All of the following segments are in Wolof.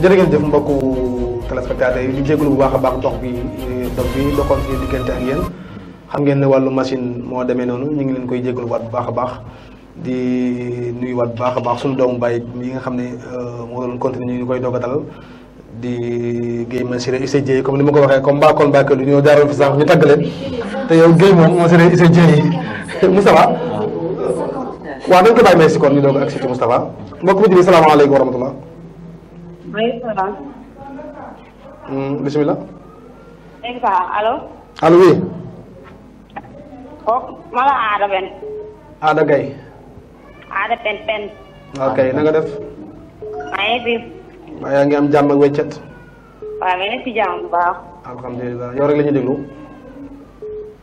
jërë mbokk jëf mbokku téléspectateurs yi ñu jégalu bu baax a baax dox bi dox bi doxoon fi diggante ak yéen xam ngeen ne wàllu machine moo demee noonu ñu ngi leen koy jégalu waat bu baax a baax di nuyu waat bu baax a baax suñu doomu bàyyi yi nga xam ne euh, moo doon continuer ñu koy doog a di Guèye Massiré Issa Dieye comme ni ma ko waxee comme mbaa kon mbaa kër ñoo jaaroon fi sax ñu tagg leen te yow Guèye moom Massiré Issa Dieye Moustapha waaw dañ ko bàyyi may si kon ñu doog ak si ci mbokk mi di salaamaaleykum wa rahmatullah restaurant. Mm, bisimilah. dégg nga allo. allo oui. kooku oh, ma la Aada Ben. Aada ah, Gaye. Ah, Aada Pen Pen. ok na nga def. maa ngi fi. waaye yaa ngi am jàmm ak wéccet. waaw ma nekk ci jàmm bu baax. alhamdulilah yow rek la ñuy déglu.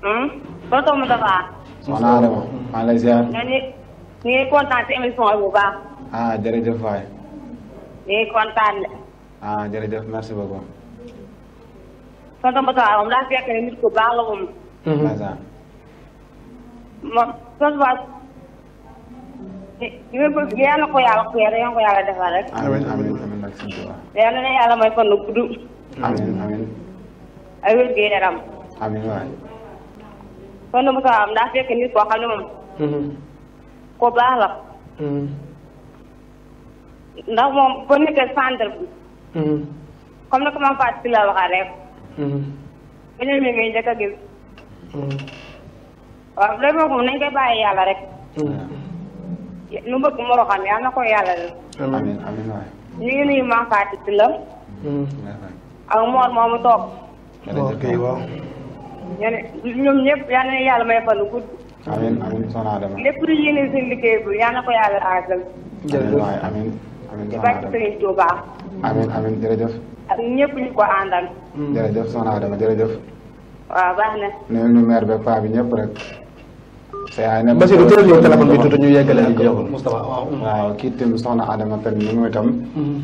Hmm? soo toog mu dafa. soxna Adama maa ngi lay ziar. ñu ngi kontaan ci émission bi bu baax. ah jërëjëf waay. ñu ngi kontaan ah jërëjëf merci beaucoup. tonton Moussa moom daa fekk ne nit ku baax la moom. Mhm. moom tonton Ba. li ma bëgg yàlla na ko yàlla ku yàlla yàlla na ko yàlla defal rek. amiin amiin amiin ak sëñ Tuubaa. na yàlla may fan gudd. amiin amiin. ay wér gu yaram. amiin waay. tonton Moussa moom daa fekk nit koo xam ne ndax moom boo nekkee centre bi. Hmm. comme ni ko ma Fatou si la waxee rek. Hmm. ba ñëwee ngay njëkk a gis. Hmm. waaw loolu moom nañ koy bàyyi yàlla rek. lu bëgg moo xam yàlla na ko yàlla def. amiin amiin waay. ñu ngi nuyu ma Fatou si la. ak Mor moomu toog. ok waaw. ñu ne ñoom ñëpp yal na yàlla may fan gudd. amiin amiin soxna Adama. lépp lu yéene seen liggéey bu yal na ko yàlla àggal. jërëjëf amiin amiin di barke Serigne Touba. ñu ko àndal. Mm. jërëjëf soxna Adama jërëjëf. waaw baax na. nuyu nu maire beeg paa bi ñëpp rek. te ay na Basi lu waaw kii itam soxna Adama Pène mi moom itam. Mm-hmm.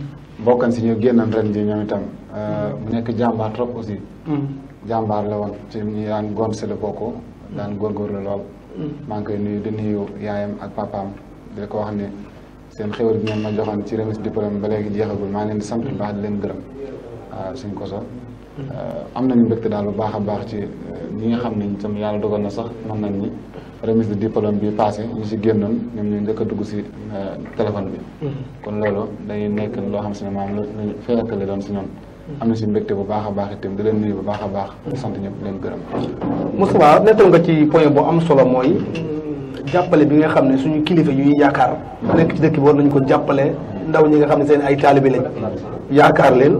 bokkan si ñu génnoon ren ji ñoom mm-hmm. euh, mu nekk jàmbaar trop aussi. Mm-hmm. jàmbaar la woon ci ñi daan gont si la bokk daan góorgóorlu lool. maa ngi koy nuyu di nuyu yaayam ak papaam di ko wax ni. seen xéwal bi ngeen na joxoon ci remise diplôme ba léegi jeexagul maa leen di sant bu baax di leen gërëm waaw suñ ko so hmm. am nañu mbégte daal bu baax a baax ci euh, ñi nga xam ne itam yàlla dogal na sax mën nañ ni remise bi génnoon ñoom ñu njëkk a dugg si euh, téléphone bi hmm. kon loolu dañuy nekk loo xam si ne maam lu feeratale doon si ñoom hmm. am na si mbégte bu baax a baax itam di leen nuyu bu baax a baax sant ñëpp di leen gërëm Moustapha nettal nga ci point bu am solo mooy jàppale bi nga xam ne suñu kilifa ñu yaakaar nekk ci dëkk bi war nañ ko jàppale ndaw ñi nga xam ne seen ay taalibe lañ yaakaar leen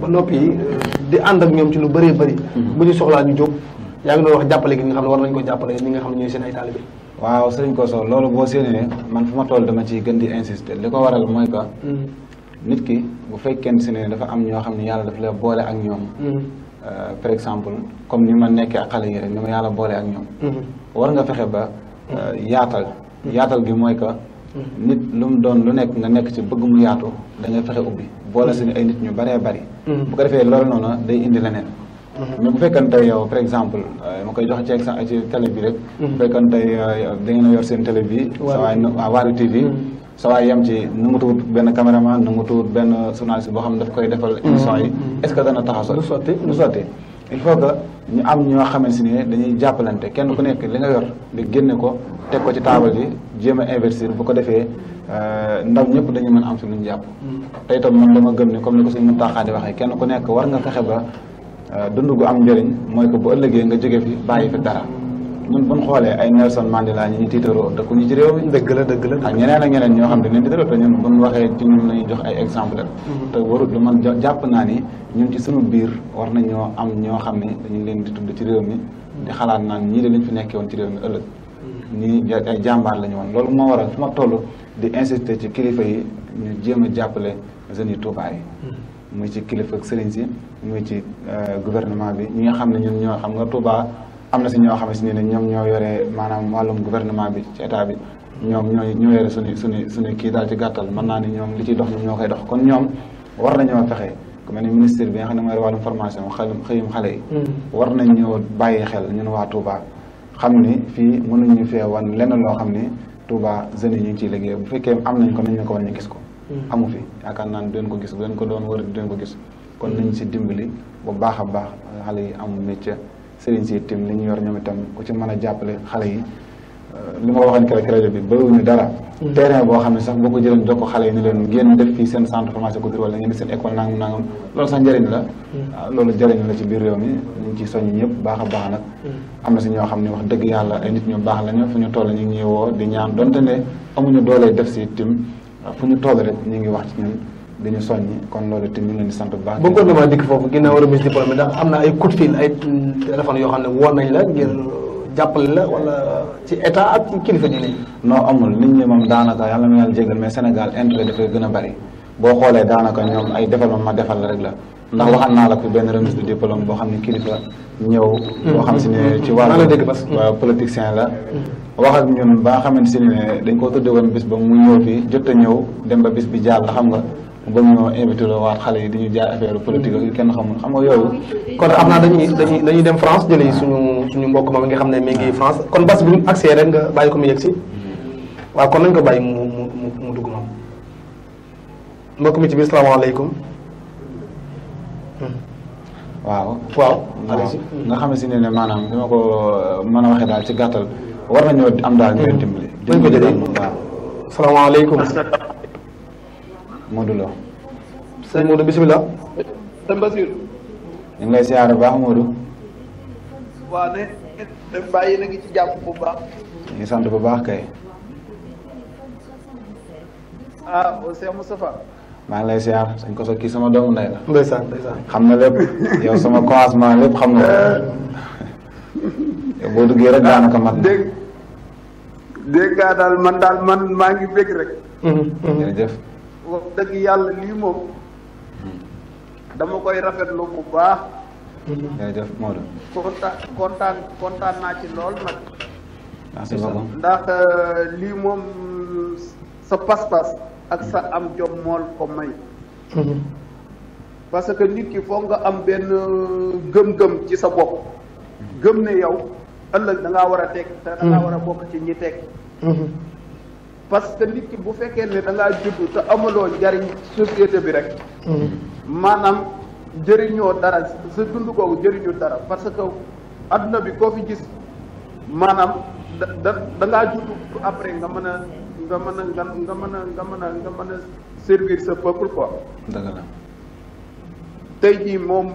ba noppi di ànd ak ñoom ci lu bëree bëri bu ñu soxlaa ñu jóg yaa ngi doon wax jàppale gi nga xam ne war nañu ko jàppale ñi nga xam ne ñooy seen ay taalibe waaw sëriñ Koso loolu boo man fu ma toll dama ciy gën di insister li ko waral mooy que mm-hmm. nit ki bu fekkente si ne dafa am ñoo xam ne yàlla daf la boole ak ñoom mm-hmm. euh, par exemple comme ni ma nekkee ak xale yi rek ni ma yàlla boole ak ñoom mm-hmm. war nga fexe ba Euh, yaatal yaatal gi mooy que nit lu mu doon lu nekk nga nekk ci bëgg mu yaatu da fexe ubbi boole si ay nit ñu bëree bëri hmm. bu ko defee loolu noonu day indi leneen hmm. mais bu fekkee tey yow par exemple euh, ma koy joxe ci exemple ci télé bi rek hmm. bu fekkee tey euh, da ngeen a yor seen télé bi sa waay ah, Waarwi TV sa waay yem ci nu mu tuut benn caméraman nu mu tuut benn journaliste boo xam ne daf koy defal émission yi est ce que dana taxaw sotti du sotti il faut que ñu am ñoo xamante ne dañuy jàppalante kenn ku nekk li nga yor di génne ko teg ko ci taabal ji jéem a boo ko defee euh, ndaw ñëpp dañu mën am si lu jàpp. te itam man dama gëm ne comme ni ko suñu Muntaxa di waxee kenn ku nekk war nga fexe ba euh, dund gu am njëriñ mooy que bu ëllëgee nga jóge fi bàyyi fi dara. ñun bu ñu xoolee ay Nelson Mandela ñu ñu tiitaroo dëkku ñu ci réew mi. dëgg la dëgg la ak ñeneen ak ñeneen ñoo xam ne dañ leen tiitaroo te ñun bu ñu mhm. jàpp naa ni ñun ci sunu biir war nañoo am ñoo xam ne dañu leen di tudd ci réew mi di xalaat naan ñii de liñ fi nekkee woon ci réew mi ëllëg nii mhm. ay jàmbaar la ñu woon loolu moo waral su ma toll di insister ci kilifa yi ñu jéem a jàppale jeunes yi Touba yi mhm. muy ci kilifa sëriñ si muy ci euh, gouvernement bi ñi nga xam ne ñun ñoo xam nga Touba am na si ñoo xam ne ñoom ñoo yore maanaam wàllum gouvernement bi ci état bi ñoom ñooy ñoo yore suñu suñu suñu kii daal ci gàttal man naa ne ñoom li ci dox ñoom ñoo koy dox kon ñoom war nañoo fexe ku mel ni ministre bi nga xam ne mooy wàllum formation xëyum xale yi hmm. war nañ ñoo bàyyi xel ñun waa Touba xam ni fii mënuñu fee wan lenn loo xam ni Touba jeunes ñu ngi ciy liggéey bu fekkee am nañ ko nañ ñu ko wan ñu gis ko hmm. amu fi yaakaar naa ne doon ko gis doon ko doon wër doon ko gis kon nañ si dimbali bu baax a baax xale yi am métier sëriñ si itam li ñu yor ñoom itam ku ci mën a jàppale xale yi euh, li ma ko waxoon keroog rajo bi bëriwuñu dara. Mm. terrain boo xam ne sax boo ko jëlee jox ko xale yi ni leen ngeen def fii seen centre formation culturelle wala ngeen di seen école nangam nangam loolu sax njëriñ la. Mm. Ah, loolu jëriñ la ci biir réew mi ñu ngi ciy soññ ñëpp baax a baax nag. Mm. am na si ñoo xam ne wax dëgg yàlla ay nit ñu baax lañu fu ñu toll ñu ngi woo di ñaan donte ne amuñu doolee def si itam ah, ñu toll ñu ngi wax ci dañu soññi kon loolu te ñu ngi leen di sant bu baax. bëggoon na ay coup de fil ay téléphone yoo xam ne woo nañ la ngir jàppale la wala ci état ak ci kilifa diine yi. non amul nit ñi moom daanaka yàlla na yàlla jégal mais Sénégal intérêt dafay gën a bari boo xoolee daanaka ñoom ay defal ma ma defal la rek la. ndax waxal naa la ko benn remise de diplôme boo xam ne kilifa ñëw. boo xam si ne mm-hmm. ci mm-hmm. wàllu. waaw politicien la. Mm-hmm. wax ak ñun baa xam xamante si ne dañ koo tudde woon bis ba mu ñëw fii jot a ñëw dem bis bi jàll xam nga ba ñoo invité la waat xale yi dañuy jaar affaire politique ak kenn xamul xam nga yooyu. kon xam naa dañuy dañuy dañuy dem France jëlee suñu suñu mbokk moom nga xam ne mi ngi France kon bas bi mu accès rek nga bàyyi ko mu yegg si waaw kon nañ ko bàyyi mu mu mu mu dugg mbokk mi ci biir salaamaaleykum. waaw waaw. nga xam si ne ne maanaam dama ko man a waxee daal ci gàttal war nañoo am daal ñu leen dimbali. dañ ko jëlee Modou Lo. sëñ Modou bisimilah. sëñ Basir. ñu lay siyaare bu baax Modou. ngi ci jàpp bu baax. ñu ngi sant ah, maa ngi lay siyaar sëñ Koso kii sama doomu ndey la. xam na lépp yow sama commencement lépp xam na ko boo duggee rek daanaka mat na. dégg nga daal man daal man maa ngi bég rek. Mm-hmm, mm-hmm. wax dëgg yàlla lii moom dama koy rafetlu bu baax jaajëf kontaan kontaan naa ci lool nag ndax euh, lii moom sa pas-pas ak sa am jom mool may parce que nit ki foog nga am benn gëm-gëm ci sa bopp gëm ne yow ëllëg da war a teg te da hmm. war a bokk ci ñi teg hmm. parce que nit ki bu fekkee ne da ngaa judd te amaloo jariñ société bi rek. maanaam jëriñoo dara sa dund googu jëriñu dara parce que àdduna bi koo fi gis maanaam da da da ngaa après nga mën a nga mën a nga nga mën a nga mën a nga mën a servir sa peuple quoi. tey jii moom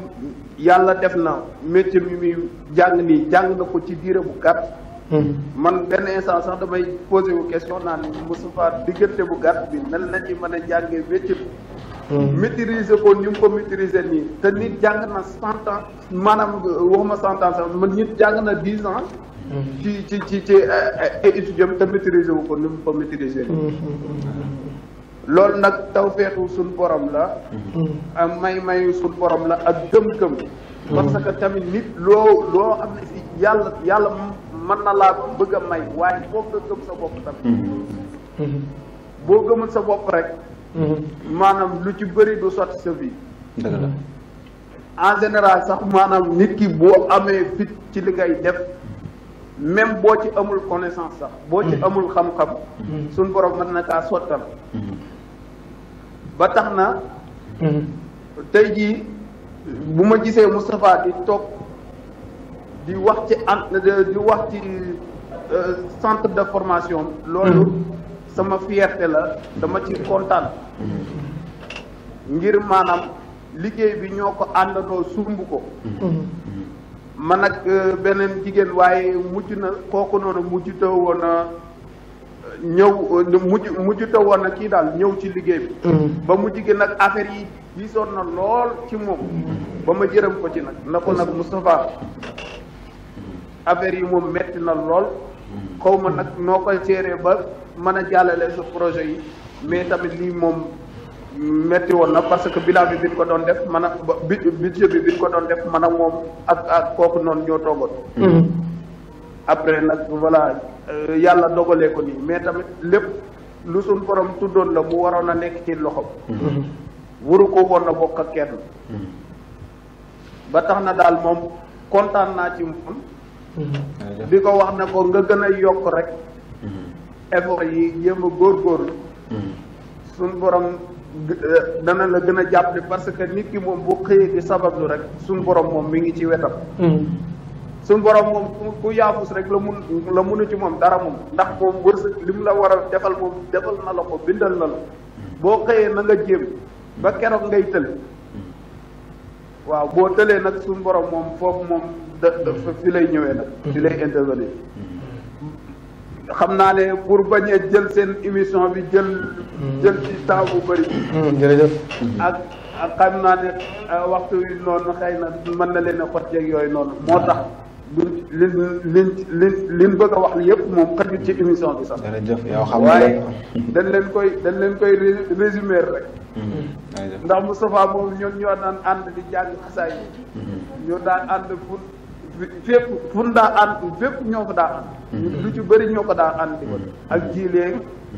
yàlla def na métier mi muy jàng nii jàng na ko ci diire bu gàtt. man benn instant sax damay posé wu question naan Moustapha diggante bu gàtt bi nan la ñuy a jàngee wéccit hmm. maîtriser ko ni mu ko maîtriser nii te nit jàng na cent ans maanaam euh, waxuma cent ans sax man nit jàng na dix ans hmm. ci ci ci ci ay euh, euh, étudiant te maîtriser wu ko ni mu ko maîtriser nii hmm. loolu nag taw tawfeexu suñ borom la ak may-mayu suñ borom la ak gëm-gëm parce que tamit nit loo loo xam ne si yàlla yàlla mën na laa bëgg a may waaye foog nga gëm sa bopp tamit boo gëmul sa bopp rek maanaam lu ci bëri du sot sa vie en général sax maanaam nit ki boo amee fit ci li ngay def même boo ci amul connaissance sax boo ci hmm. amul xam-xam hmm. suñ borom mën na kaa sottal ba tax na hmm. tey jii bu ma gisee Moustapha di toog di wax ci en di wax ci euh, centre de formation loolu mm-hmm. sama fierté la dama ci kontaan ngir maanaam liggéey bi ñoo ko àndandoo sumb ko mm-hmm. man ak euh, beneen jigéen waaye mujj na kooku noonu euh, mujj ta woon a ñëw mujj mujj ta woon a kii daal ñëw ci liggéey bi mm-hmm. ba mu jigéen nag affaire yi diisoon na lool ci moom ba ma jërëm ko ci nag na ko nag Moustapha affaire yi moom metti na lool xaw ma nag noo koy seeree ba mën a jàllale sa projet yi mais tamit lii moom metti woon na parce que bilan bi biñ ko doon def man a bi bi biñ ko doon def man a moom ak ak kooku noonu ñoo toogoon mm-hmm. après nag voilà euh, yàlla dogalee ko nii mais tamit lépp lu suñ borom tuddoon la mu waroon a nekk ci loxoom mm-hmm. waru ko woon a bokk ak kenn mm-hmm. ba tax na daal moom kontaan naa ci moom Mm-hmm. di ko wax ne ko nga gën a yokk rek mm-hmm. effort yi jéem góor góorgóorlu mm-hmm. suñ borom eh, dana la gën a jàppale parce que nit ki moom bu xëyee di sabablu rek suñ borom moom mi ngi ci wetam suñ borom moom ku yaafus rek la mun la munu ci moom dara moom ndax moom wërsëg li mu la war a defal moom defal na la ko bindal na la boo xëyee na nga jéem ba keroog ngay tël waaw boo tëlee nag suñu borom moom foofu moom da fi lay ñëwee nag fi lay intervenir xam naa ne pour bañ a jël seen émission bi jël jël ci temps bu mm, ak ak xam naa ne euh, waxtu wi noonu xëy na mën na leen a xot jeeg yooyu noonu moo tax du li li li li bëgg a wax ni yëpp moom xajul ci émission bi sax. jërëjëf yow xam nga waaye leen koy dañ leen koy résumé rek. ndax Moustapha moom ñun ñoo daan ànd di jàng xasaay yi. Mhm. ñoo daan ànd fu fépp fu mu daa ànd fépp ñoo ko daa ànd. Mhm. lu ci bari ñoo ko daa ànd. Mhm. ak jiileeg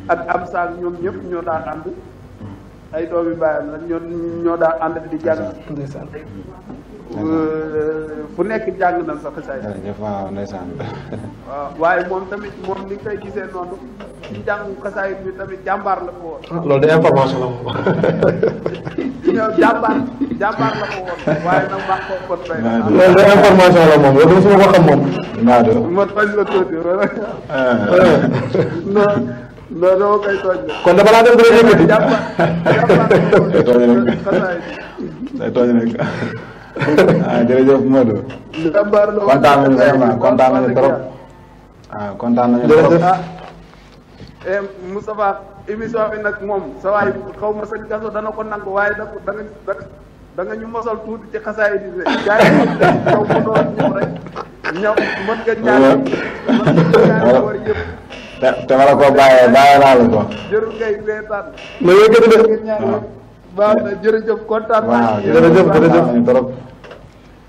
ak am saak ñoom ñëpp ñoo daa ànd. ay doomi bàyyam la ñoo ñoo ànd di jàng. Euh, fu nekk jàng nañ sa xasaay. jërëjëf waaw ndeysaan. waaw waaye moom tamit moom li koy gisee noonu. ci jàngu xasaay tamit jàmbaar la ko woon. Ah, loolu de information la moom. ñoom jàmbaar jàmbaar la ko woon waaye nag maa loolu de information la xam moom. naa de. ma toj la tuuti wala. Ah. non non dama koy toj ah jërëjëf Modou. kontaan nañu kontaan nañu trop. ah kontaan nañu trop jërëjëf. Ah, eh, Moustapha bi nag moom sa waay xaw ma sëñ Gasso dana ko nangu waaye da ñu mosal tuuti ci xasaay di rek gars yi ñoom mënoo ñëw mën nga ñaan mën nga ñaan war yëpp. te te ma la ko bàyyee baax jërëjëf kontaan naa jërëjëf jërëjëf trop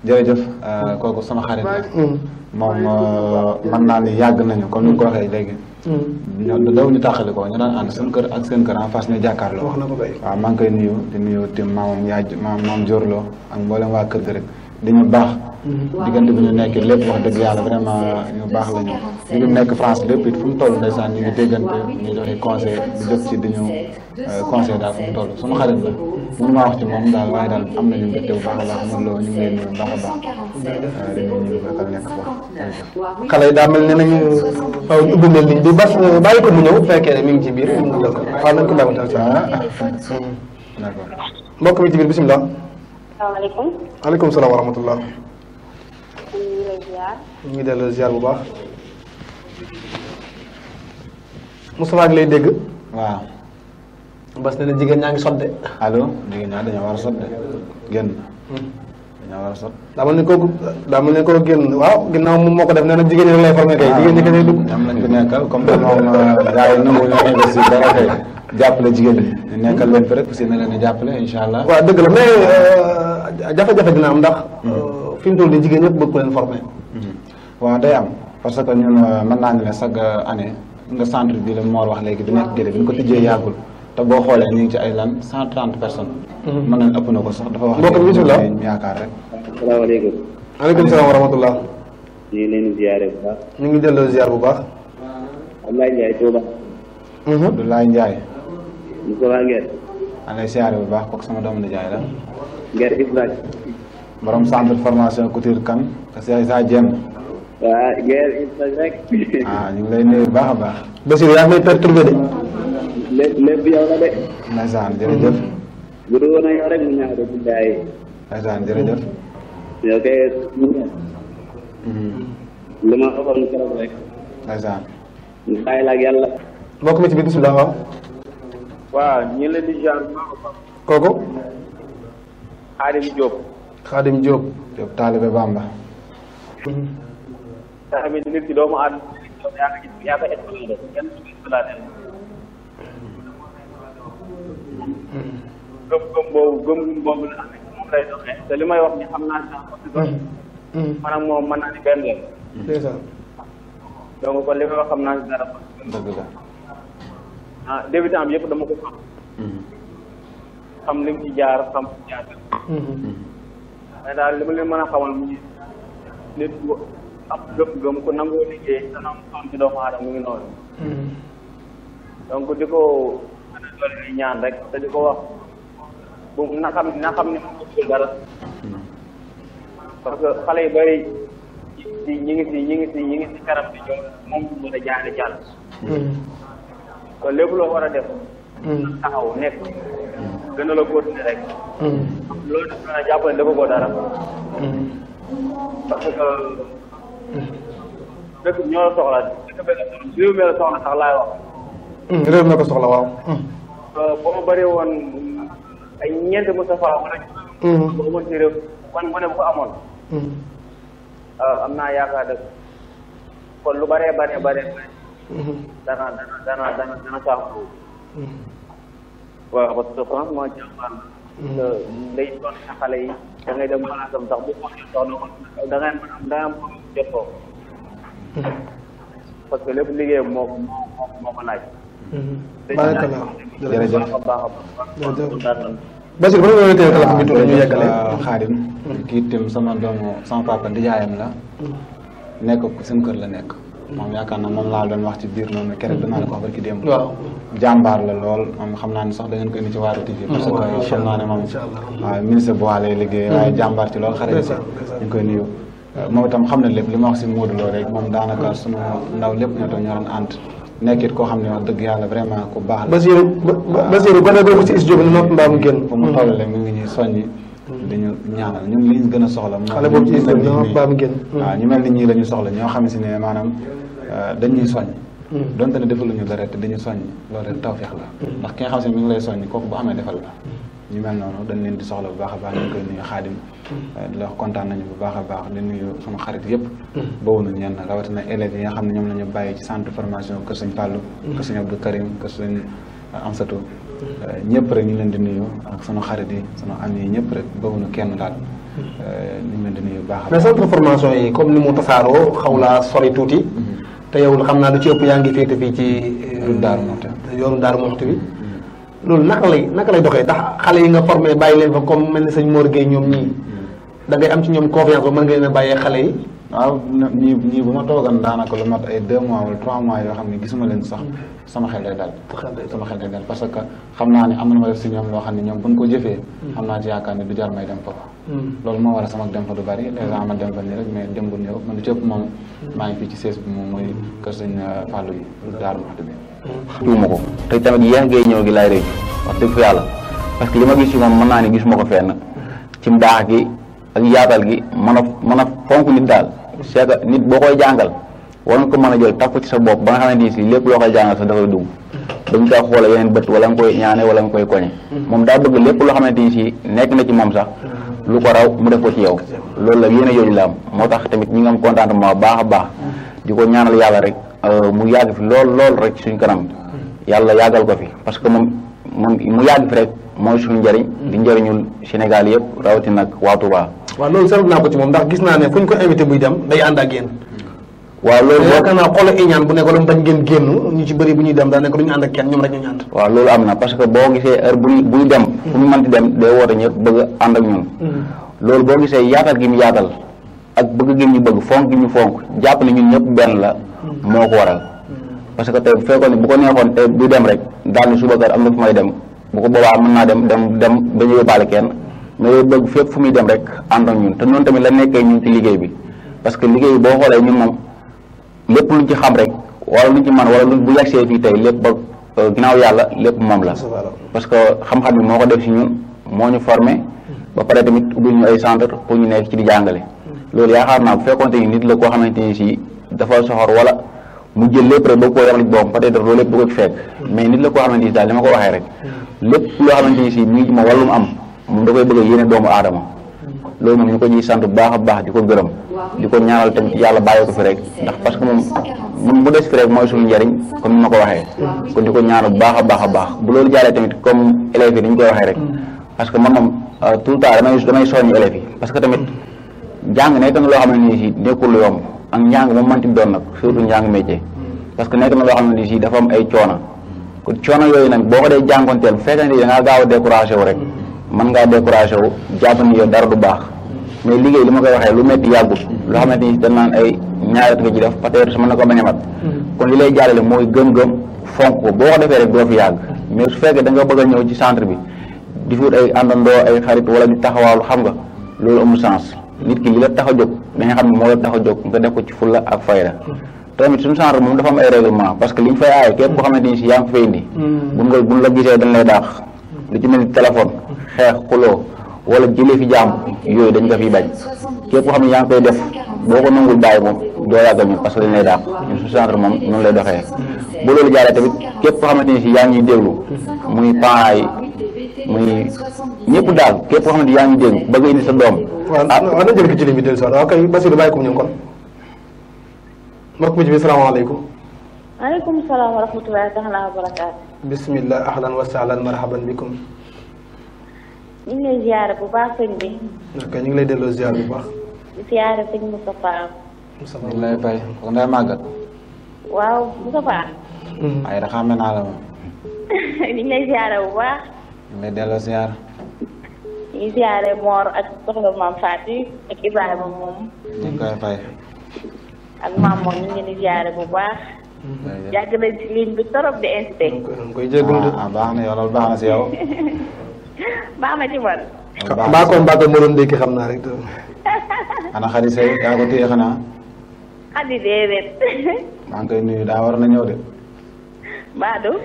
jërëjëf euh, kooku sama xarit mm. moom euh, mën naa ni yàgg nañu kon ni nga ko waxee léegi mm. ñoom daw ñu tàqali ko ñu daan ànd seen kër ak seen kër en face ñu jàkkaarloo wax na ko bay maa ngi koy nuyu di nuyu tim maamam yaay maam maam Dior Lo ak mboolem waa kër gi rek dañu baax diggante bi ñu nekk lépp wax dëgg yàlla vraiment ñu baax la ñu ñu ngi nekk France lépp it fu mu toll ndeysaan ñu ngi déggante ñu joxe conseil di dëpp ci di ñu euh, conseil daal fu mu toll suñu xarit la mënu maa wax ci moom daal waaye daal am nañu bu baax a baax ñun a baax dañu ñu bokkal nekk foofu xale yi daa mel ne nañu faw euh, ñu ubbi mel bi bas euh, bàyyi ko mu ñëw fekkee ne mi ngi ci biir mu dëkk waaw nañ ko bàyyi mu ah. d'accord mbokk mi ci biir bisimilah salaamaaleykum salaam wa ñu ngi lay ziar. bu baax. Moustapha ak lay dégg. waaw. Bass nee jigéen ñaa ngi sodde. allo jigéen ñaa dañoo a sodde hmm. a sot. daa mel ni kooku daa mel ni kooku génn waaw ginnaaw moom moo ko def nee na jigéen ñi lay formé kay. jigéen ñi ko nekkal comme que moom euh, gars yi nangu ñu investir dara kay jàppale jigéen nekkal leen fi rek parce na leen di jàppale incha allah. waaw dëgg la mais euh, jafe-jafe dina am ndax. Hmm. fi mu toll nii jigéen ñëpp bëgg ko leen former. Mhm. waaw am parce que ñun euh, mën naa ne ne chaque année nga centre bi la Mor wax léegi bi nekk Guédé bi ñu ko tijjee yàggul te boo xoolee ñu ngi ci ay lan cent trente personnes. Mhm. ëpp na ko sax dafa wax. mbokk mi bisimilah ñu yaakaar rek. asalaamaaleykum. maaleykum salaam wa rahmatulah. ñu ngi leen di bu baax. ñu ngi delloo ziar bu baax. Abdoulaye Ndiaye Touba. Mhm. Abdoulaye Ndiaye. Moussa Guèye. maa ngi baax kooku sama doomu nijaay la. Guèye Ibrahima. borom centre formation couture kan parce que saa jéem. waaw gerte ah ñu ngi lay baax a baax. Basiir yaa ngi lay perturbé de. lépp lépp yow la de. ndeysaan jërëjëf. Mm-hmm. bu dul woon ak mu ñaaw de Bindaay. ndeysaan jërëjëf. yow kay. li ma waxoon keroog rek. ndeysaan. ñu ci biir bisimilah waaw. waaw ñu ngi leen di jaar. kooku. Xaadim Diop Diop taalibe Bamba. tamit nit ki doomu aadama te li may wax ni xam naa si sax. man ak moom mën naa ni benn lañ. ndeysaan. donc li may wax xam naa si dara. dëgg la. ah débutant bi yëpp dama ko xam. Mm-hmm. xam li ci jaar xam mais daal li ma leen mën a xamal muy nit bu ab gëm-gëm ku nangoo liggéey te mu ngi noonu. Hmm. donc di ko ñaan rek te di ko wax na xam na xam ne moom dara. parce que xale yu bëri ñi ñi ngi si ñi ngi si ñi ngi si karam bi ñoom moom du mën hmm. loo war gën a la continuer rek. Hmm. loolu dafa naa jàpp ne dafa ko dara. Hmm. parce que. Hmm. dëkk bi ñoo la soxla dëkk bi la soxla réew mi la soxla sax laay wax. réew mi la ko soxla waaw. ba ma bëri woon ay ñeent Moustapha wala. ba ma ci man mu ne bu ko amoon. Ah, am naa yaakaar dëgg kon lu bëree bëree bëree. dana dana dana dana dana saako. waaw parce que mm. euh, yi da ngay mm-hmm. parce que lépp liggéeyam moo ko moo ko laaj. Mm-hmm. barakallah jërëjëf baax a baax a baax. Basir ba mm-hmm. kii itam sama doomu sama papa di jaayam la nekk seen kër la nekk. moom yaakaar na moom laa wax ci biir noonu keroog danaa la ko wax barki démb jàmbaar la lool moom xam naa ne sax da ngeen koy indi ci Waarwi TV parce que waaye mm. jàmbaar ci lool xare si ñu koy nuyu moom itam xam na lépp li ma wax si Modou Lo rek moom daanaka sunu ndaw lépp ñoo tax ñu doon ànd nekkit koo xam ne dëgg yàlla ku baax la Basiru Basiru ba ne doo ko ci is mu ngi ñuy soññi dañu ñaanal ñun liñ gën a soxla waaw ñu mel ni ñii la soxla ñoo xam si ne maanaam euh, dañuy soññ hmm. donte ne defaluñu dara te dañu soññ loolu rek tawfeex la hmm. ndax ki nga xam si ne mi ngi lay soññ kooku bu amee defal la ñu mel noonu dañ leen di soxla bu baax a baax ñu ngi koy nuyu xaadim hmm. euh, di la wax kontaan nañu bu baax a baax di nuyu sama xarit yëpp bowunu ñenn rawatina élèves yi nga xam ne ñoom la ñu bàyyi ci centre formation kër sëñ Fallou kër sëñ Abdou Karim kër sa Amsatou Euh, ñëpp rek ñu leen di nuyu ak sunu xarit yi sunu am yi ñëpp rek bëgguñu kenn daal. Euh, ñu leen di nuyu baax a. mais centre formation yi comme ni mu tasaaroo xaw laa sori tuuti. Mm-hmm. te yow xam naa lu ci ëpp yaa ngi féete fii ci. Daaru euh, Muxti yoonu Daaru Muxti bi. Mm-hmm. loolu naka lay naka lay doxee ndax xale yi nga formé bàyyi leen fa comme mel ni sëñ Mor Gueye ñoom ñii. Mm-hmm. da ngay am ci ñoom confiance ba mën nga leen a bàyyee xale yi. waaw ñii ñii bu ma toogan daanaka lu mat ay deux mois wala trois mois yoo xam ne gisuma leen sax mm-hmm. sama xel day dal sama xel day dal que xam na ma def si ñoom loo xam ne ko jëfee mm-hmm. xam naa ci du jar may dem fa mm-hmm. loolu moo war a sama dem fa du bëri dèjà ma dem fa nii rek mais dem bu néew man du fii ci sees bi moom mooy kër sëñ euh, bi tuuma ko te tamit yéex ngay ñëw gi laay rëy wax dëgg fa yàlla parce que li ma gis ci moom naa ne gisuma ko fenn ci mbaax gi ak yaatal gi mën a mën a fonk nit daal seeta nit boo koy jàngal war nga ko mën a jël takku ci sa bopp ba nga xamante ni si lépp loo koy jàngal sax dafay dugg da nga kaa xoola yeneen bët wala nga koy ñaane wala nga koy koñe moom daa bëgg lépp loo xamante ni si nekk na ci moom sax lu ko raw mu def ko ci yow loolu la yéen a yooyu la am moo tax tamit ñi nga am contentement baax a baax di ko ñaanal yàlla rek euh, mu yàgg fi lool lool rek suñ kanam yàlla yàggal ko mu yàgg fi rek mooy suñu njëriñ mm. di njëriñul Sénégal yëpp rawati nag waa Touba waaw loolu seetlu naa ko ci moom ndax gis naa ne fu ñu ko invité buy dem day ànd ak yéen waaw loolu yaakaar naa xolo iñaan bu nekk lu bañ génn ñu ci bu ñuy dem daa nekk duñu ànd ak kenn ñoom rek ñu ànd waaw loolu que boo gisee heure bu buy dem mm. fu ñu mënti dem day woote ñëpp bëgg ànd ak ñun mm. loolu boo gisee yaatal gi mu yaatal ak bëgg gi ñu bëgg fonk gi ñu fonk jàpp ne ñun ñëpp benn la moo ko waral parce que tey bu fekkoon ne bu ko neexoon tey buy dem rek daal ni suba am na fu may dem bu ko boobaa mën naa dem dem dem dañu kenn mais bëgg fépp fu muy dem rek ànd ak ñun te noonu tamit la nekkee ñun ci liggéey bi parce que liggéey boo xoolee ñun moom lépp luñ ci xam rek lu luñ ci man wala lu bu yegsee fii tey lépp ba euh, ginnaaw yàlla lépp moom la parce que xam-xam bi moo ko def si ñun moo ñu formé ba pare tamit ubbil ñu ay centre ci di jàngale mm. loolu yaakaar naa bu fekkoon te la koo xamante ni si dafa soxor wala mu jël lépp rek boo ko yor boom peut-être loolu lépp du ko fekk mais nit la ko waxee rek lépp loo xamante ni si mi ngi ma am moom da koy bëgg a doomu aadama loolu moom ñu ko ñuy sant bu baax a baax di ko gërëm di ko ñaanal tamit yàlla bàyyi ko fi rek ndax parce que moom moom bu des fi rek mooy suñu njëriñ comme ni ma ko waxee kon di ko ñaanal bu baax a baax a baax bu loolu jàllee tamit comme élèves yi ni ñu koy waxee rek parce que man moom euh, tout le temps damay damay soññ élèves yi parce que tamit jàng na loo xam ne nii si nekkul ak njàng ma mënti doon nag surtout njàng métier parce que nekk na loo xam ne si dafa am ay coono kon coono yooyu nag boo ko dee jànkonteel bu fekkee ne da a découragé wu rek mën ngaa découragé wu jàpp ni yow dara du baax mais liggéey li ma koy waxee lu métti yàggul loo xamante ni dañ naan ay ñaaret nga ci def peut su mën na ko bañ a mat kon li lay jaarale mooy gëm-gëm fonk ko boo ko defee rek doo fi yàgg mais su fekkee da nga bëgg a ñëw ci centre bi di wut ay àndandoo ay xarit wala di taxawaalu xam nga loolu amul sens nit ki li la tax a jóg da nga xam ne moo la tax a jóg nga def ko ci fulla ak fayda tamit suñu genre moom dafa am ay parce que li ñu fay aaye képp la hmm. buñ la gisee ko xam ne yaa ngi koy def boo ko nangul bàyyi moom doo yàgg ñun parce que dañ lay daax ñun suñu moom noonu lay doxee bu loolu jaaree tamit képp koo xamante ni si yaa ngi ñuy muy parents muy ñëpp daal képp koo xam ne yaa ngi dégg bëgg indi sa doom. ah waaw na jël ko ci bi dellu si waat waaw ah, kay Basirou bàyyi ko mu kon. mbokk mi ci bi salaamaaleykum. maaleykum salaam wa rahmatulah taala wa ahlan wa sahlan marhaban bikum. ñu lay ziare bu baax sëñ bi. lay delloo ziare bu baax. ziare sëñ Moustapha. Moustapha ñu lay fay kon day màggat. waaw Moustapha. waaye da xam naa la moom. ñu lay ziare bu baax. mais delloo ziar. di ziare ak soxna moom. ñu koy fay. ak maam moom ñu ngi leen bu baax. yàgg na ci ligne bi torop di ah baax na yow baax na si yow. na ci man. mbaa ko mbaa xam naa rek. ana xarit Seye yaa ko téye xanaa. xadi déedéet. maa ngi koy nuyu daa war na de. Badou.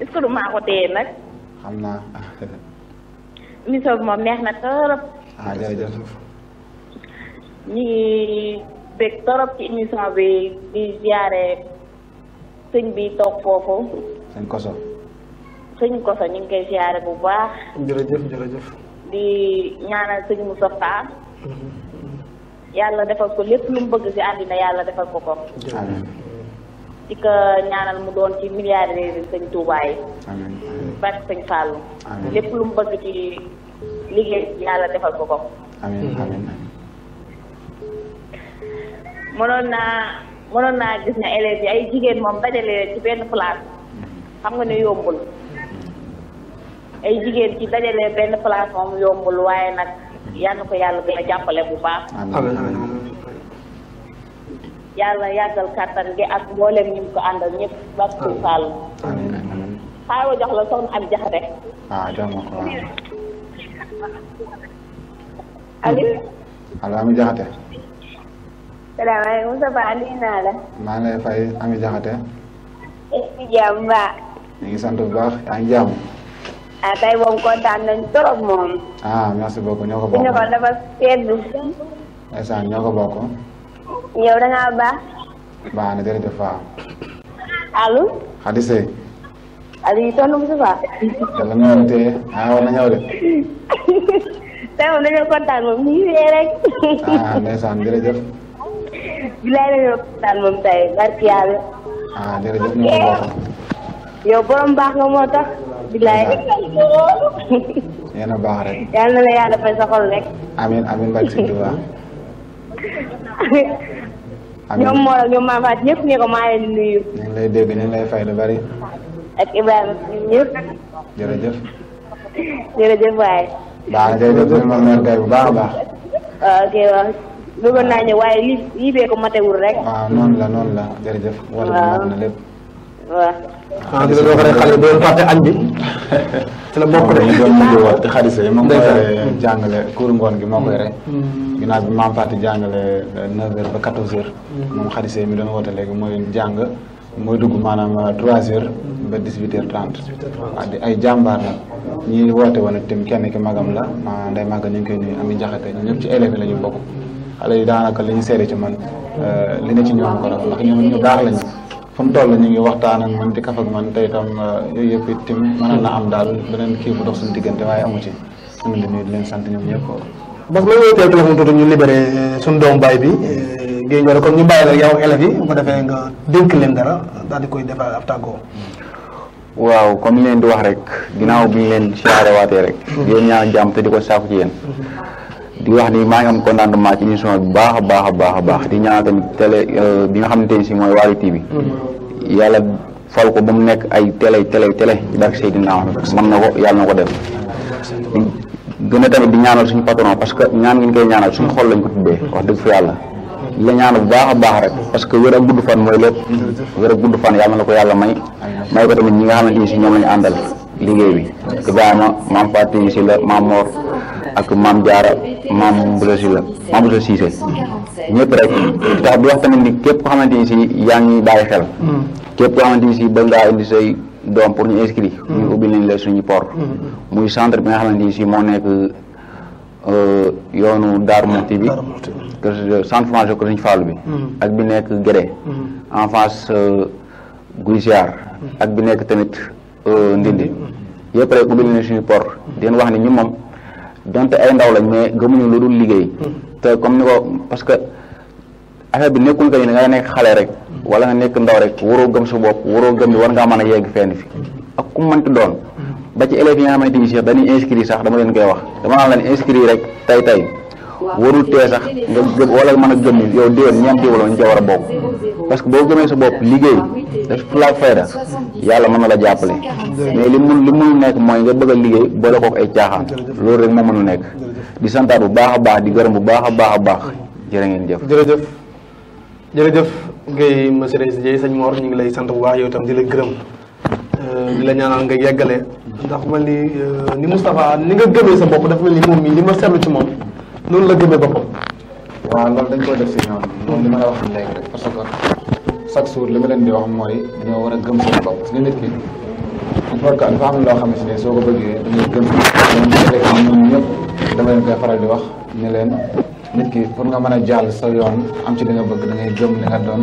est-ce que du maa nag. xam naa. émission moom neex na torop. ah jërëjëf. ñu ngi bég torop ci émission bi di ziare sëñ bi toog foofu. sëñ Koso. sëñ Koso ñu ngi koy ziare bu baax. jërëjëf jërëjëf. di ñaanal sëñ Moustapha. Mm-hmm. yàlla defal ko lépp lu mu bëgg ci àddina yàlla defal ko ko. amiin. di ko ñaanal mu doon ci milliardaire yi sëñ Touba yi. amiin barke sëñ Fallou. lépp lu mu bëgg ci liggéey yàlla defal ko ko. amiin amiin. mënoon naa mënoon gis ne élèves ay jigéen moom dajale ci benn place xam nga ne yombul. ay jigéen ci dajale benn place moom yombul waaye nag yal na ko yàlla gën a jàppale bu baax. yàlla yàggal kàttan gi ak mboolem ñu ko àndal ñëpp ba ku faal. xaaral ma jox la soxna am jaxate. ah jox ma ko waaw. Aliou. allo Ami Jaxate. salaamaaleykum Moussa Ba nuyu naa la. maa ngi lay fay Ami Jaxate. ci jàmm ba. ñu ngi sant bu baax yaa ngi jàmm. ah tey moom kontaan nañ trop moom. ah merci beaucoup ñoo ko bokk. ñu ne ko dafa seetlu. ndeysaan ñoo ko bokk. yow da ngaa baax. baax na jërëjëf waaw. allo. Khady Seye. Aliou tontu Moustapha. yàlla na ñëw tey ah war na ñëw de. tey moom dañoo kontaan moom ñu ngi rek. ah ndeysaan jërëjëf. bilaay barki yàlla. ah jërëjëf ñu ngi bokk. baax nga moo tax. bilaay. a baax rek. yàlla na la yàlla fay sa xol rek. amiin amiin barke ñoom Mor ak ñoom Mame Fatou ñëpp ñu ko maa leen nuyu. ñu lay dégg ñu lay fay lu bari. ak Ibrahima ñun ñëpp. jërëjëf. jërëjëf waay. baax ma mère Gueye bu baax baax. waaw ah, ok waaw bëggoon ñëw waaye lii lii bee ko matewul rek. waaw ah, noonu la noonu la jërëjëf. waaw wala na lépp. waaw. ah gis nga boo bi doon fàtte añ bi. ci la bokk de moom mooy te xaalis moom koy jàngale kuur gi moo rek. Mm. ginnaaw bi maam Fatou jàngale 9h euh, ba 14h. Mm. moom xaalis yi mi doon woote léegi mooy jàng. mooy dugg maanaam euh, trois heures mm. ba dix-huit heures trente waaw di ay jàmbaar la ñi woote woon itam kenn ki magam la ma nday màgga ñu ngi koy nuyu ami jaxate ñu ñëpp ci élèves la ñu bokk xale yi daanaka li ñu seede ci man euh, li ne ci ñoom ko def ndax ñu baax lañu fu mu toll ñu ngi waxtaan ak man di kaf ak man te itam euh, yooyu yëpp itam mënoon na am daal beneen kii bu dox suñu diggante waaye amu ci ñu di nuyu leen sant ñoom ñëpp. donc loolu yëpp ñu libéré euh, suñu doomu baay bi euh, Guèye Ndiol kon ñu bàyyi la yow élèves yi bu ko defee nga dénk leen dara daal di koy defal ab tàggoo. waaw comme leen di wax rek ginnaaw bi ñu leen siyaare waatee rek. Mm-hmm. yéen ñaan jàmm te di ko saaku ci yéen. Mm-hmm. di wax ni maa ngi am contentement ci émission bi baax a baax a baax a baax di ñaan tamit télé euh, bi nga xamante ni si mooy Waarwi TV mm-hmm. yàlla fal ko ba mu nekk ay télé télé télé ci barke Seydina Ahmed mën na ko yàlla na ko def gën a tamit di ñaanal suñu patron parce que ñaan ngi koy ñaanal suñu xol lañ ko tuddee wax dëgg fa yàlla di la ñaanal bu baax a baax rek parce que wér a gudd fan mooy lépp wér ak gudd fan yàlla na ko yàlla may may ko tamit ñi nga xamante ni si liggéey bi Ibrahima maam Fatou si la maam Mor ak maam Diarra maam Mbousso si la maam Mbousso Cissé ñëpp rek tax di wax tamit ni képp ko xamante ni si yaa ngi bàyyi xel hmm. képp ko xamante si bëgg ngaa indi say doom pour ñu inscrit hmm. ñu ubbi hmm. muy centre bi nga xamante ni si moo nekk euh, yoonu Darou Mouhty bi kër euh, centre formation kër Sëñ Fallu bi ak bi nekk Guéré en face euh, Guy Siar ak bi nekk tamit Euh, ndindi yëpp rek ubbil nañu suñu port di leen wax ne ñu moom donte ay ndaw lañ mais gëmuñu lu dul liggéey mm-hmm. te comme ni ko parce que affaire bi nekkul que ni da ngay nekk xale rek mm-hmm. wala nga nekk ndaw rek waroo gëm sa bopp waroo gëm ni war ngaa mën a yegg fenn fi mm-hmm. ak ku mënti doon ba ci élèves yi nga xamante ni sax dañuy inscrire sax dama leen koy wax dama naan leen inscrire rek tey tey warul tee sax nga gëm wala mën a gëm yow déwén ñeenti wala ñu a bokk parce que boo gëmee sa bopp liggéey def fulaa fayda yàlla mën na la jàppale mais li mun li mënul nekk mooy nga bëgg a liggéey boole kook ay caaxaan loolu rek moo mënul nekk di santaat bu baax a a a baax jërë ngeen jëf jërëjëf jërëjëf ngay monsieur Reis ngi la gërëm euh, di la ñaanal nga yeggale ndax mel ni euh, ni Moustapha ni nga gëmee sa bopp dafa mel ni moom mii li ma seetlu moom loolu la gëmee boppam. waaw loolu dañ koo def si ñoom moom li ma la wax léegi rek parce que chaque jour li ma leen di wax mooy ñoo war a gëm seen bopp parce que nit ki il faut que dafa am loo ne soo ko bëggee da gëm dama leen koy faral di wax ne leen nit ki pour nga mën a jàll sa yoon am ci li nga bëgg da ngay gëm li nga doon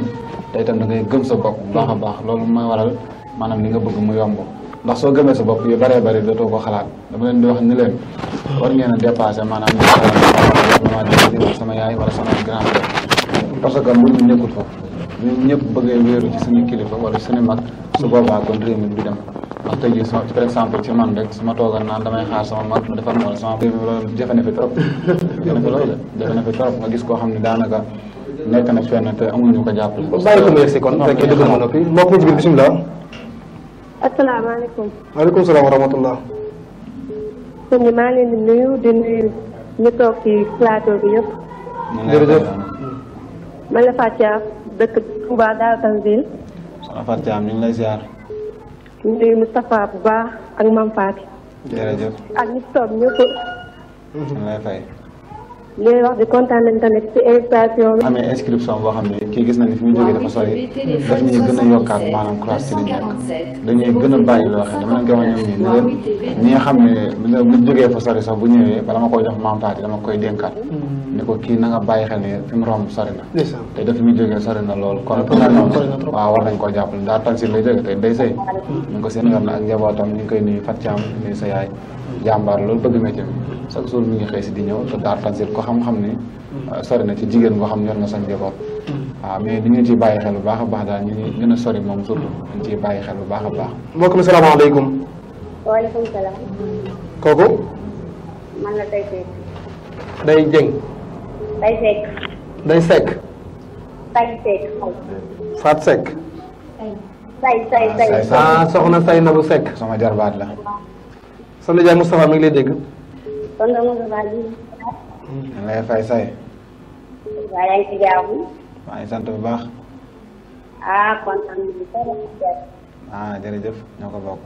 te itam da ngay gëm sa bopp baax a baax loolu mooy waral maanaam li nga bëgg mu yomb. ndax soo gëmee sa bopp yu bare bëri dootoo ko xalaat dama leen di wax ni leen war ngeen a dépassé maanaam ma sama yaay wala sama grand parce que mbir mi nekkul foofu ñëpp bëggee wéeru ci suñu kilifa wala suñu mag su boobaa kon réew mi bi dem ndax tey jii par exemple ci man rek su ma toogoon naan damay xaar sama mag mu defar ma sama réew fi trop nga gis koo xam ne daanaka nekk na fenn te amuñu ko ko mu yegsi kon fekkee asalaamaaleykum. maaleykum salaam wa rahmatullah. sëñ nuyu di nuyu ñu toog ci plateau bi yëpp. jërëjëf. man la Fatia dëkk Touba Daaru Tanzil. soxna Fatia ñu ngi lay ziar. nuyu Moustapha bu baax ak Mame ak ñi toog ñëpp. ñu lay fay. looy wax di kontaan nañ tamit ci inscription bi. amee inscription boo xam ne kii gis na ni fi mu jógee dafa sori daf ñuy gën a yokkaat maanaam classe ci li nekk dañuy gën a bàyyi loo xam ne dama leen nga xam ne bu jógee fa sori sax bu ñëwee bala ma koy jox maamtaat yi dama koy dénkaat hmm. ni ko kii na nga bàyyi xel ne fi mu romb sori na te daf muy jógee sori na lool kon ku mel noonu waaw war nañ koo jàppale daa tansi lay jóge tey day sëy ñu hmm. ngi ko seen yor na ak njabootam ñu ngi koy nuyu Fatou Thiam nuyu sa yaay jàmbaar loolu bëgg métier bi chaque jour mi ngi xëy si di ñëw te daar tansit ko xam-xam ni euh, sori na ci jigéen boo xam ñor na sañ njaboot waaw mais ñu ciy bàyyi xel bu baax baax daal ñu ñu gën a sori moom surtout dañ bàyyi xel bu baax a baax mbokk mi salaamaaleykum waaleykum salaam kooku day sekk day jëng day sekk soxna sey na bu sekk sama jarbaat la sa nijaay Moustapha mi ngi lay dégg. kon nga Moustapha ji. maa waaye ngi jaamu. maa ngi sant bu baax. ah kontaan ah, ñoo ko bokk.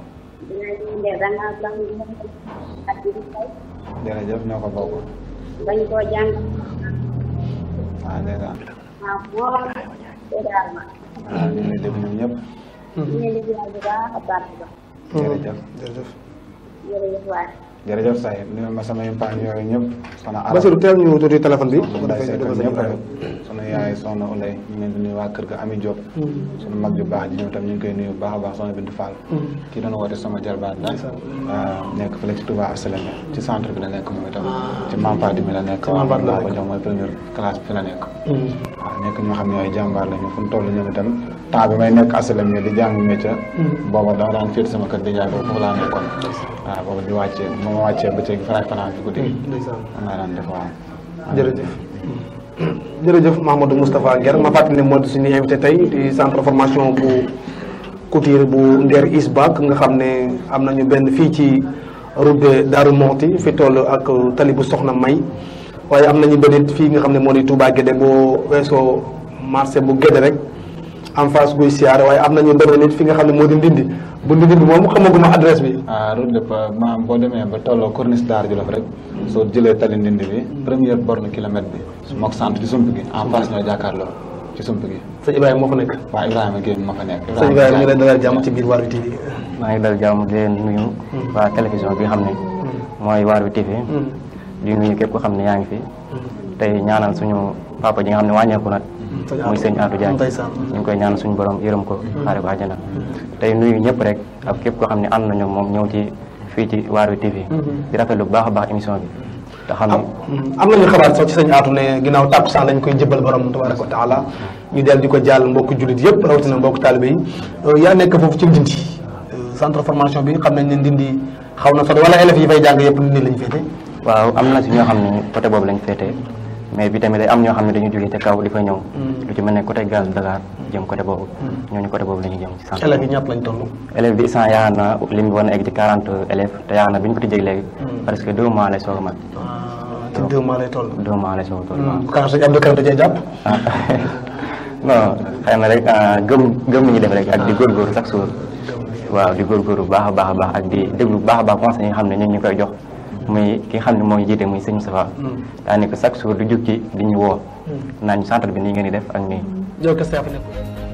jërëjëf ñoo ko bokk. bañ koo jàng. ah ndeysaan. Ah, daal ma. ah ñu ngi lay déglu ñoom ñëpp. ñu ngi lay jërëjëf waay. jërëjëf Saye ma samay paañ yooyu ñëpp. soxna Araf Basiru teel ñu tuuti téléphone bi. bu ko defee ñu dugal ñëpp rek sunu yaay soxna Ulay ñu ngi waa kër ga Ami Diop. Hmm. sunu mag ju baax ji ñoom tam ñu ngi koy nuyu bu baax a baax soxna Bintu Fall. Hmm. kii doon woote sama jarbaat la. nekk fële ci tubaa Asselin ci centre bi la nekk moom itam. Ah. ci Mampadi mi la nekk. waaw waaw waaw mooy première classe bi fi la nekk. Hmm. waaw xam ne jàmbaar lañu fu mu toll ñoom itam temps may nekk asalam yi di jàng métier. Hmm. booba dama daan féet sama kër di jaay boobu foofu laa nekkoon. waaw booba di wàccee bu ma wàccee ba ceeb guddi. Hmm, am naa daan def waaw. jërëjëf. jërëjëf Mahamadou Moustapha Nguer ma fàttali moo di suñu invité tey di centre formation bu couture bu Nguer ISBAC nga xam ne am nañu benn fii ci route de Darou fi toll ak tali bu Soxna May waaye am nañu benn fii nga xam ne moo di Touba Guédé boo weesoo marché bu Guédé rek. en face guy siyaare waaye am nañu doon nit fi nga xam ne moo di ndindi bu ndindi bi moom xamaguma adresse bi. ah route de pa maam boo demee ba tolloo corniche Daara Jolof rek soo jëlee tali ndindi bi première borne kilomètre bi mook centre ci sump gi en face ñoo jàkkaarloo ci sump gi. sëñ Ibrahima moo fa nekk. waaw Ibrahima Guèye moo fa nekk. sëñ ñu ngi lay dalal TV. di hmm. nga xam ne. Hmm. mooy Waarwi TV. Hmm. di nuyu képp ko xam ne yaa ngi fi. tey ñaanal suñu papa nga xam ne wàññeeku nag muy sëñ Atou Diagne ñu ngi koy ñaan suñu borom yërëm ko xaare ko àjjana tey nuyu ñëpp rek ak képp koo xam ne ànd nañu moom ñëw ci fii ci Waarwi TV mm-hmm. di rafetlu bu baax a baax émission bi te xam ne am mm-hmm. nañu xabaar sax ci sëñ Atou ne ginnaaw tàkkusaan lañ koy jëbal borom tabaraka wa taala ñu di ko jàll mbokk jullit yëpp rawatina mbokk taalibé yi euh, yaa nekk foofu ci Ndindi euh, centre formation bi xam nañ ne Ndindi xaw na sori wala élèves yi fay jàng yëpp Ndindi lañ féete waaw am na si ñoo xam ne côté boobu lañ féete mais bi tamit am ñoo xam ne dañu jógee ca kaw di fa ñëw mm. lu ci mel ne côté gaz Dakar jëm côté boobu mm. ñooñu côté boobu la ñu jëm ci sant élèves yi ñaata lañ toll élèves bi instant yaakaar na egg ci quarante élèves te yaakaar naa bi ñu ko tijjee léegi mm. parce que deux mois lay soog a mat ah, te deux mois lay toll deux mois lay jàpp ah. non xëy na rek ah, gëm gëm li ñu def rek ak di góorgóorlu chaque jour waaw di góorgóorlu baax a baax a baax ak di déglu baax a baax conseil yi xam ne ñu ñu koy jox muy ki nga xam ne mooy jiite muy sëñ Moustapha mm. daa nekk chaque jour du jukki di ñu woo mm. naan centre bi nii ngeen di def ak nii